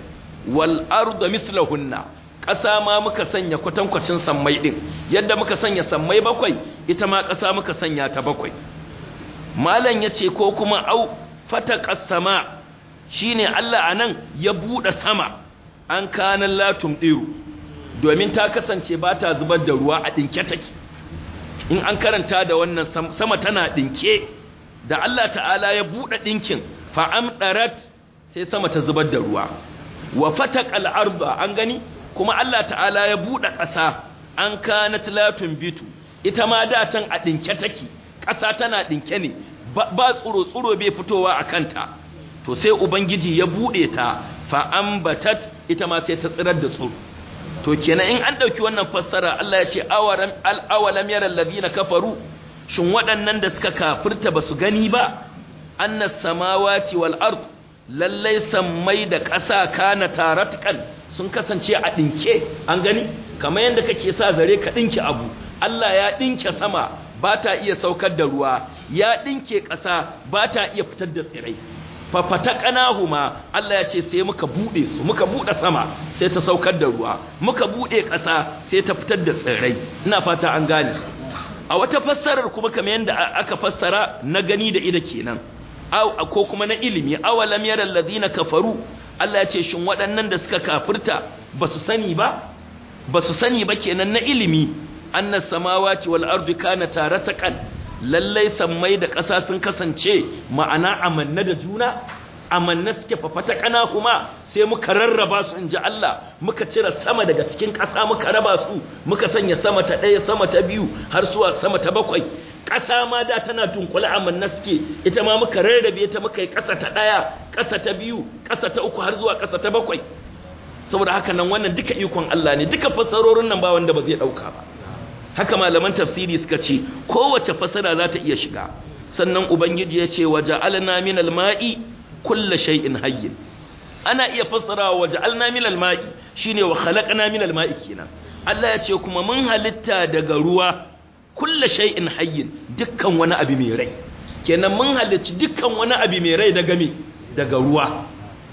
wal arda mislahunna ƙasa ma muka sanya kwatankwacin sammai ɗin yadda muka sanya sammai bakwai ita ma ƙasa muka sanya ta bakwai malam yace ko kuma au fata ƙasama Shi ne Allah a nan ya buɗe sama an kanan latum ɗiru domin ta kasance ba ta zubar da ruwa a ɗinke take in an karanta da wannan sama tana ɗinke, da Allah ta'ala ya buɗe ɗinkin, fa sai sama ta zubar da ruwa wa fataqal arda an gani kuma Allah ta'ala ya buɗe ƙasa an kanat latum bitu ita ma da can a ɗinke take ƙasa tana ɗinke ne ba tsuro tsuro bai fitowa a kanta to sai ubangiji ya bude ta fa batat ita ma sai ta tsirar da tsoro. to kenan in an dauki wannan fassara Allah ya ce awaram al awalam yara alladhina kafaru shin waɗannan da suka kafirta basu gani ba annas samawati wal ard lallai sammai da ƙasa kana taratkan sun kasance a dinke an gani kamar yanda kake sa zare ka dinke abu Allah ya dinke sama ba ta iya saukar da ruwa ya dinke ƙasa ba ta iya fitar da tsirai ƙanahuma, Allah ya ce sai muka bude su muka bude sama sai ta saukar da ruwa muka bude ƙasa sai ta fitar da tsirrai ina fata an gane a wata fassarar kuma kamar yanda aka fassara na gani da ida kenan aw ko kuma na ilimi awalam yaral ladina kafaru Allah ya ce shin waɗannan da suka kafirta basu sani ba basu sani ba kenan na ilimi annas samawati wal ardi kana tarataqan lallai sammai da ƙasa sun kasance ma'ana amanna da juna amanna suke fafata kana kuma sai muka rarraba su inji Allah muka cire sama daga cikin ƙasa muka raba su muka sanya sama ta ɗaya sama ta biyu har suwa sama ta bakwai ƙasa ma da tana dunkula amanna suke ita ma muka rarrabe ta muka yi ƙasa ta ɗaya ƙasa ta biyu ƙasa ta uku har zuwa ƙasa ta bakwai saboda haka nan wannan duka ikon Allah ne duka fassarorin nan ba wanda ba zai ɗauka ba haka malaman tafsiri suka ce kowace fasara za ta iya shiga sannan ubangiji ya ce waje alna min alma'i kullu shay'in hayyin ana iya fasara waje alna min alma'i shine wa khalaqna min alma'i kenan Allah ya ce kuma mun halitta daga ruwa kullu shay'in hayyin dukkan wani abu mai rai kenan mun halicci dukkan wani abu mai rai daga me daga ruwa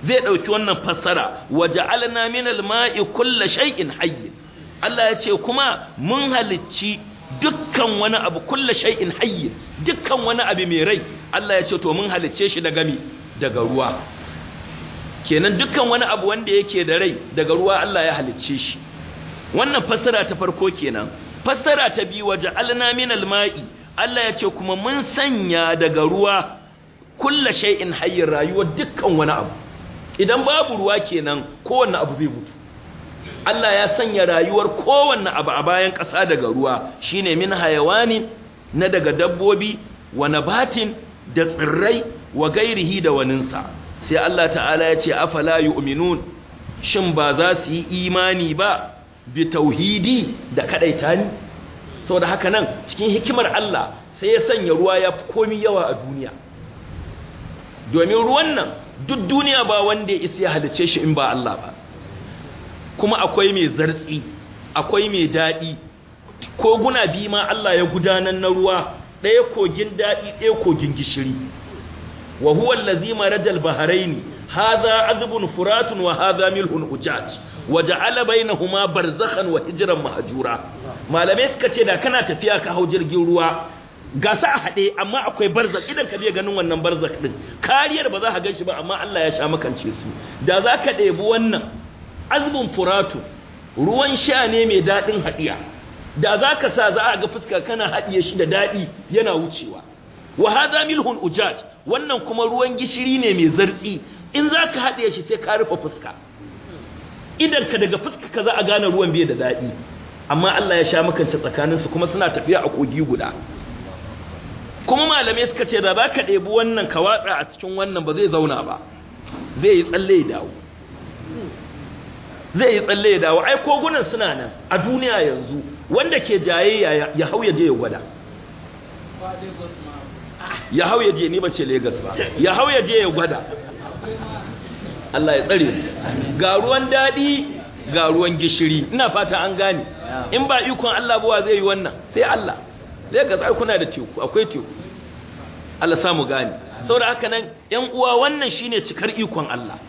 zai dauki wannan fassara waje alna min alma'i kullu shay'in hayyin Allah ya ce kuma mun halicci dukkan wani abu kulla shay'in hayy dukkan wani abu mai rai Allah ya ce to mun halicce shi daga mi daga ruwa kenan dukkan wani abu wanda yake da rai daga ruwa Allah ya halicce shi wannan fassara ta farko kenan fassara ta biyu waje min al ma'i Allah ya ce kuma mun sanya daga ruwa kulla shay'in hayy rayuwar dukkan wani abu idan babu ruwa kenan kowanne abu zai mutu Allah ya sanya rayuwar kowanne abu a bayan ƙasa daga ruwa shine min hayawani na daga dabbobi wa nabatin da tsirrai wa gairihi da waninsa sai Allah ta'ala ya ce afala yu'minun shin ba za su yi imani ba bi tauhidi da kadaita ni saboda haka nan cikin hikimar Allah sai ya sanya ruwa ya fi komi yawa a duniya domin ruwan nan duk duniya ba wanda ya isa ya halice shi in ba Allah ba kuma akwai mai zartsi akwai mai daɗi koguna biyu ma Allah ya gudanar na ruwa ɗaya kogin daɗi ɗaya kogin gishiri wa huwa allazi marajal baharaini hadha azbun furatun wa hadha milhun ujaj wa ja'ala bainahuma barzakhan wa hijran mahjura malamai suka ce da kana tafiya ka hau jirgin ruwa ga sa a haɗe amma akwai barzak idan ka je ganin wannan barzak din kariyar ba za ka gan shi ba amma Allah ya sha makance su da za ka ɗebi wannan azbun furatu ruwan sha ne mai daɗin haɗiya da za ka sa za a ga fuska kana haɗiye shi da daɗi yana wucewa wa hada milhun ujaj wannan kuma ruwan gishiri ne mai zartsi in za ka haɗiye shi sai ka rufe fuska idan ka daga fuska ka za a gane ruwan bai da daɗi amma Allah ya sha makance su kuma suna tafiya a kogi guda kuma malamai suka ce da ba ka ɗebi wannan ka watsa a cikin wannan ba zai zauna ba zai yi tsalle ya dawo zai yi tsalle ya dawo ai kogunan suna nan a duniya yanzu wanda ke jayayya ya hau ya je ya gwada ya hau ya je ni bace Lagos ba ya hau ya je ya gwada Allah ya tsare ga ruwan dadi ga ruwan gishiri ina fata an gane in ba ikon Allah buwa zai yi wannan sai Allah Lagos ai kuna da teku akwai teku Allah samu gane saboda haka nan ƴan uwa wannan shine cikar ikon Allah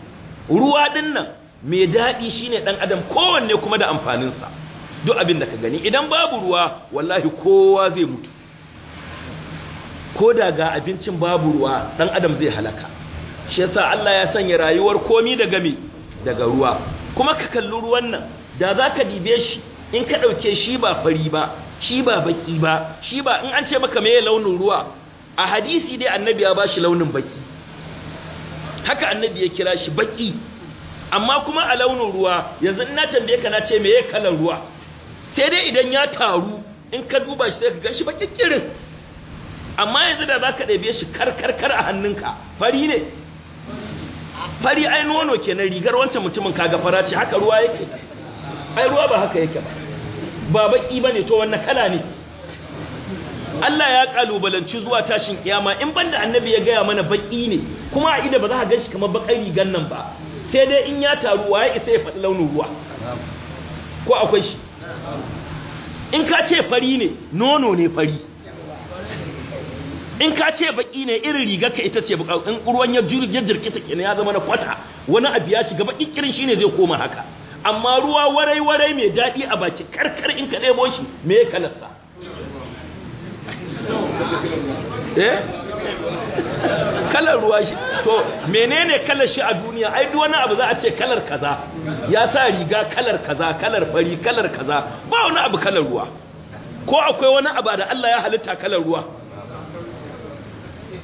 ruwa dinnan mai daɗi shine ɗan adam kowanne kuma da amfaninsa duk abin da ka gani idan babu ruwa wallahi kowa zai mutu ko da ga abincin babu ruwa ɗan adam zai halaka shi yasa Allah ya sanya rayuwar komi da game daga ruwa kuma ka kalli ruwan nan da za ka dibe shi in ka ɗauke shi ba fari ba shi ba baki ba shi ba in an ce maka meye launin ruwa a hadisi dai annabi ya ba shi launin baki haka annabi ya kira shi baki amma kuma a launin ruwa yanzu ina tambaye ka na ce meye kalan ruwa sai dai idan ya taru in ka duba shi sai ka ganshi bakikirin amma yanzu da zaka dabe shi karkarkar a hannunka fari ne fari ai nono kenan rigar wancan mutumin kaga fara ce haka ruwa yake ai ruwa ba haka yake ba ba baki bane to wannan kala ne Allah ya kalubalanci zuwa tashin kiyama in banda annabi ya gaya mana baki ne kuma a ida ba za ka ganshi kamar bakar rigar nan ba sai dai in ya taru waye isa ya faɗi launin ruwa ko akwai shi in ka ce fari ne nono ne fari in ka ce baki ne irin rigar ka ita ce baka in ruwan ya jirkita kenan ya zama na kwata wani abu ya shiga baki kirin shine zai koma haka amma ruwa warai warai mai daɗi a baki karkar in ka ɗebo shi me ya kalarsa eh kalar ruwa shi to menene kalar shi a duniya ai duk wani abu za a ce kalar kaza ya sa riga kalar kaza kalar fari kalar kaza ba wani abu kalar ruwa ko akwai wani abu da Allah ya halitta kalar ruwa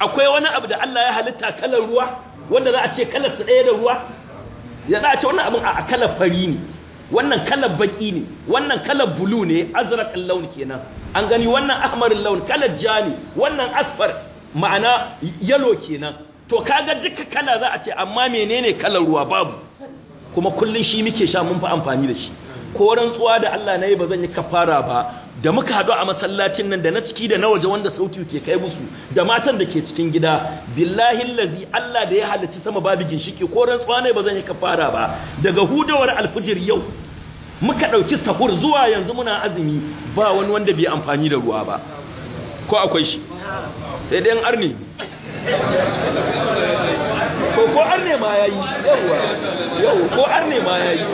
akwai wani abu da Allah ya halitta kalar ruwa wanda za a ce kalar su ɗaya da ruwa ya za a ce wannan abin a kalar fari ne wannan kalar baki ne wannan kalar bulu ne azraqal launi kenan an gani wannan ahmarul launi kalar jani wannan asfar ma'ana yalo kenan to kaga duka kala za a ce amma menene kalar ruwa babu kuma kullun shi muke sha mun fi amfani da shi ko rantsuwa da Allah nayi bazan ba yi kafara ba da muka haɗu a masallacin nan da na ciki da na waje wanda sauti ke kai musu da matan da ke cikin gida billahi lazi Allah da ya halarci sama babu ginshiki ko rantsuwa ne ba zan yi kafara ba daga hudawar alfijir yau muka ɗauki sahur zuwa yanzu muna azumi ba wani wanda bai amfani da ruwa ba ko akwai shi sai dai arni ko ko arne ma yayi yawa yawa ko arne ma yayi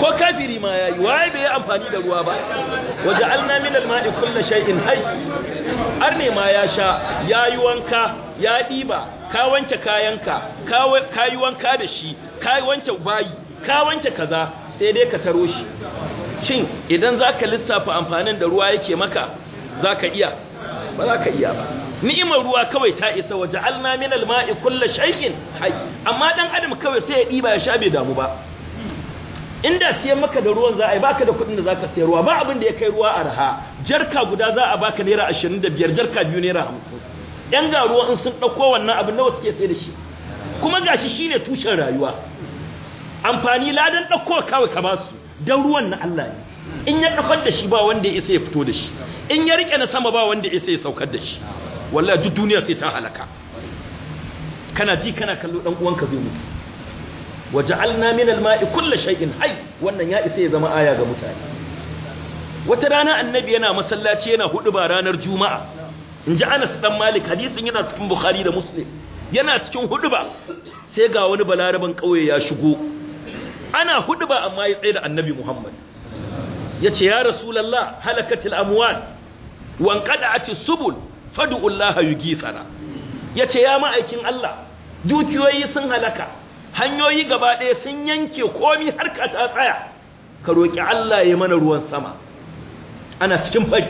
ko kafiri ma yayi wai bai amfani da ruwa ba waja'alna min al-ma'i kullu shay'in hayy arne ma ya sha yayi wanka ya diba ka wanke kayanka ka yi wanka da shi ka wanke bayi ka wanke kaza sai dai ka taro shi shin idan zaka lissafa amfanin da ruwa yake maka zaka iya ba za ka iya ba ni'imar ruwa kawai ta isa wa ja'alna min al-ma'i shay'in hayy amma dan adam kawai sai ya diba ya sha bai damu ba inda siyan maka da ruwan za a yi baka da kuɗin da zaka sayi ruwa ba abin da ya kai ruwa arha jarka guda za a baka naira 25 jarka biyu naira 50 yan ga ruwa in sun dauko wannan abin nawa suke sayar da shi kuma gashi shine tushen rayuwa amfani ladan dauko kawai ka basu dan ruwan na Allah ne in ya dauko da shi ba wanda ya isa ya fito da shi in ya rike na sama ba wanda ya sai saukar da shi wallahi duk duniya sai ta halaka kana ji kana kallo dan uwanka zai mutu waja'alna min al-ma'i shay'in hayy wannan ya isa ya zama aya ga mutane wata rana annabi yana masallaci yana hudu ba ranar juma'a In ji Anas dan Malik hadisin yana cikin Bukhari da Muslim yana cikin hudu ba sai ga wani balaraban kauye ya shigo ana hudu ba amma ya tsaye da annabi Muhammad yace ya rasulullah halakatil amwal wan ce subul fad'ullaha yi yace ya ce ya ma'aikin Allah dukiyoyi sun halaka hanyoyi gaba ɗaya sun yanke komi harka ta tsaya ka roƙi Allah ya mana ruwan sama ana cikin fari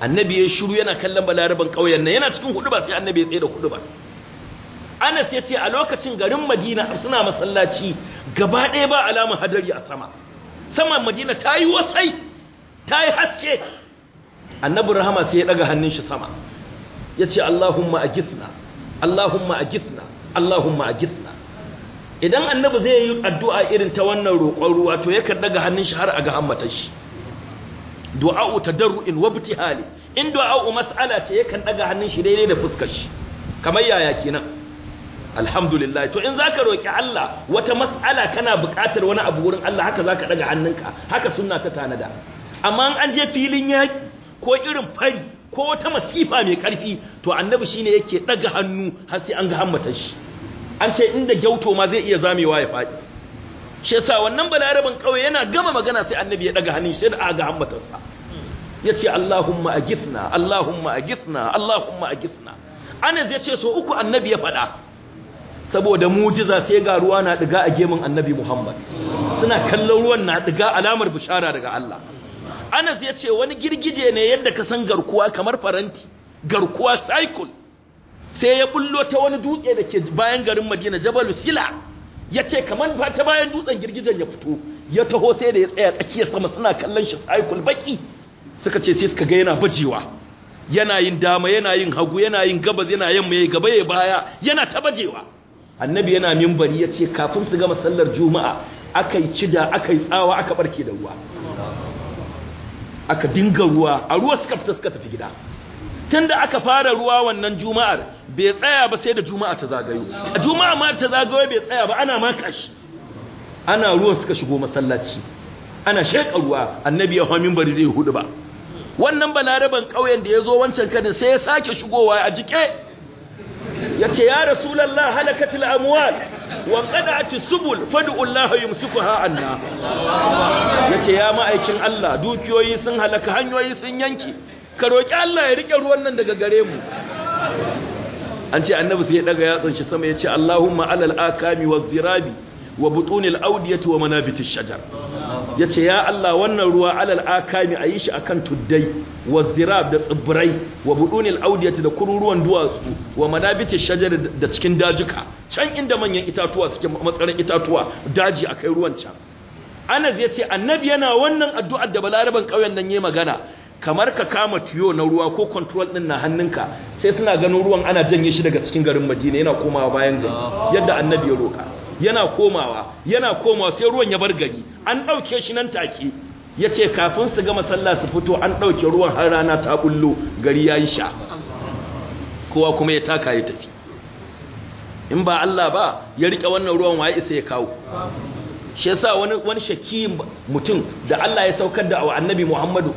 annabi ya shiru yana kallon balaraban ƙauyen nan yana cikin hudu ba sai annabi ya tsaye da hudu ba Anas ya ce a lokacin garin Madina suna masallaci gaba ɗaya ba alamun hadari a sama saman Madina ta yi wasai ta yi haske annabi rahama sai ya daga hannun shi sama ya ce Allahumma agisna Allahumma agisna Allahumma gisna! idan annabi zai yi addu'a irin ta wannan roƙon ruwa to yakan daga hannun shi har a ga hammatan shi du'a'u in wabti hali. in du'a'u mas'ala ce yakan daga hannun shi daidai da fuskar shi kamar yaya kenan alhamdulillah to in zaka roki Allah wata mas'ala kana buƙatar wani abu wurin Allah haka zaka daga hannunka haka sunna ta tanada amma an je filin yaki ko irin fari ko wata masifa mai karfi to annabi shine yake daga hannu har sai an ga hammatar shi an ce inda gyauto ma zai iya zamewa ya faɗi shi yasa wannan balarabin kauye yana gama magana sai annabi ya daga hannun shi da aga hammatar sa yace Allahumma agithna Allahumma agithna Allahumma agithna Anas yace so uku annabi ya faɗa saboda mujiza sai ga ruwa na diga a gemin annabi Muhammad suna kallon ruwan na diga alamar bishara daga Allah Anas ya ce wani girgije ne yadda ka san garkuwa kamar faranti garkuwa cycle sai ya bullo ta wani dutse da ke bayan garin Madina Jabal Sila ya ce kamar ba ta bayan dutsen girgijen ya fito ya taho sai da ya tsaya tsakiyar sama suna kallon shi cycle baki suka ce sai suka ga yana bajewa yana yin dama yana yin hagu yana yin gabas yana yin mai gaba ya baya yana ta bajewa annabi yana minbari ya ce kafin su gama sallar juma'a aka yi cida aka tsawa aka barke da ruwa aka dinga ruwa a ruwa suka fita suka tafi gida tunda aka fara ruwa wannan juma'ar bai tsaya ba sai da juma'a ta zagayo juma'a ma ta zagayo bai tsaya ba ana maka shi ana ruwa suka shigo masallaci ana sheka ruwa annabi ya hamin bari zai hudu ba wannan balaraban ƙauyen da ya zo wancan kadin sai ya sake shigowa a jike Ya ce ya rasulallah halakatil amwal wa ci subul fad'u yumsikuha anna yace ya ma'aikin Allah dukiyoyi sun halaka hanyoyi sun yanki ka roƙi Allah ya rike ruwan nan daga gare mu an ce annabi sai ya daga yatsun shi sama ya ce allahumma alal akami waz zirabi wa butunil audiyati wa manabitish shajar yace ya Allah wannan ruwa alal akami yi shi akan tuddai wa zirab da tsibrai wa budunil audiyati da kururuwan duwatsu wa manabitish shajar da cikin dajuka can inda manyan itatuwa suke matsarin itatuwa daji akai ruwan can Anas yace annabi yana wannan addu'ar da balaraban kauyen nan yayi magana kamar ka kama tiyo na ruwa ko control din na hannunka sai suna ganin ruwan ana janye shi daga cikin garin Madina yana komawa bayan gari yadda annabi ya roka yana komawa yana komawa sai ruwan ya bar gari an ɗauke shi nan take yace kafin su ga sallah su fito an ɗauke ruwan har rana ta bullo gari ya sha kowa kuma ya taka ya tafi in ba Allah ba ya rike wannan ruwan waye isa ya kawo shi yasa wani wani shaki mutum da Allah ya saukar da wa annabi Muhammadu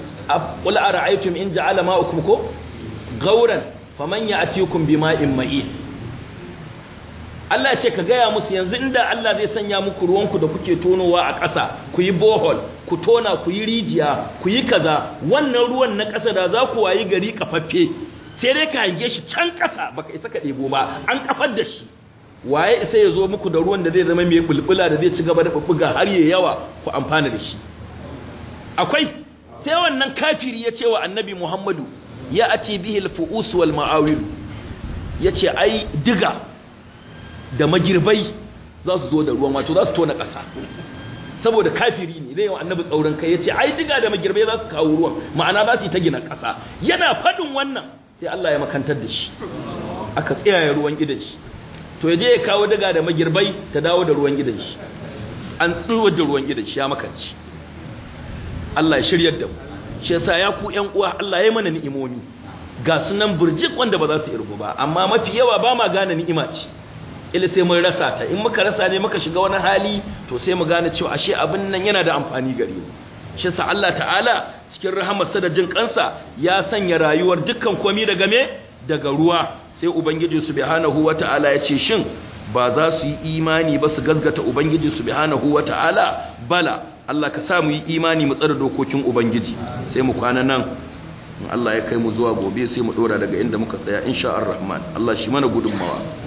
qul ara'aytum in ja'ala ma'akum ko gauran faman ya'tikum bima'in ma'in Allah ya ce ka gaya musu yanzu inda Allah zai sanya muku ruwanku da kuke tonowa a ƙasa ku yi bohol ku tona ku yi rijiya ku yi kaza wannan ruwan na ƙasa da za ku wayi gari kafaffe sai dai ka hange shi can ƙasa baka isa ka ɗebo ba an kafar da shi waye isa ya zo muku da ruwan da zai zama mai bulbula da zai ci gaba da bubbuga har ya yawa ku amfana da shi akwai sai wannan kafiri ya ce wa annabi Muhammadu ya ati bihi al-fu'us wal ma'awil yace ai diga da magirbai za su zo da ruwan wato za su tona ƙasa saboda kafiri ne zai yi annabi tsaurin kai ya ce ai diga da magirbai za su kawo ruwan ma'ana za su yi ta gina ƙasa yana faɗin wannan sai Allah ya makantar da shi aka tsaya ruwan gidan shi to ya je ya kawo diga da magirbai ta dawo da ruwan gidan shi an tsuwa da ruwan gidan shi ya makanci Allah ya shiryar da mu shi yasa ya ku ƴan uwa Allah ya yi mana ni'imomi ga sunan burjik wanda ba za su irgu ba amma mafi yawa ba ma gane ni'ima ce ila sai mun rasa ta in muka rasa ne muka shiga wani hali to sai mu gane cewa ashe abin nan yana da amfani gare mu shi sa Allah ta'ala cikin rahamarsa da jin kansa ya sanya rayuwar dukkan komai daga me daga ruwa sai ubangiji subhanahu wata'ala ya ce shin ba za su yi imani ba su gazgata ubangiji subhanahu wata'ala bala Allah ka sa mu yi imani mu tsara dokokin ubangiji sai mu kwana nan Allah ya kai mu zuwa gobe sai mu dora daga inda muka tsaya insha Allah Allah shi mana gudunmawa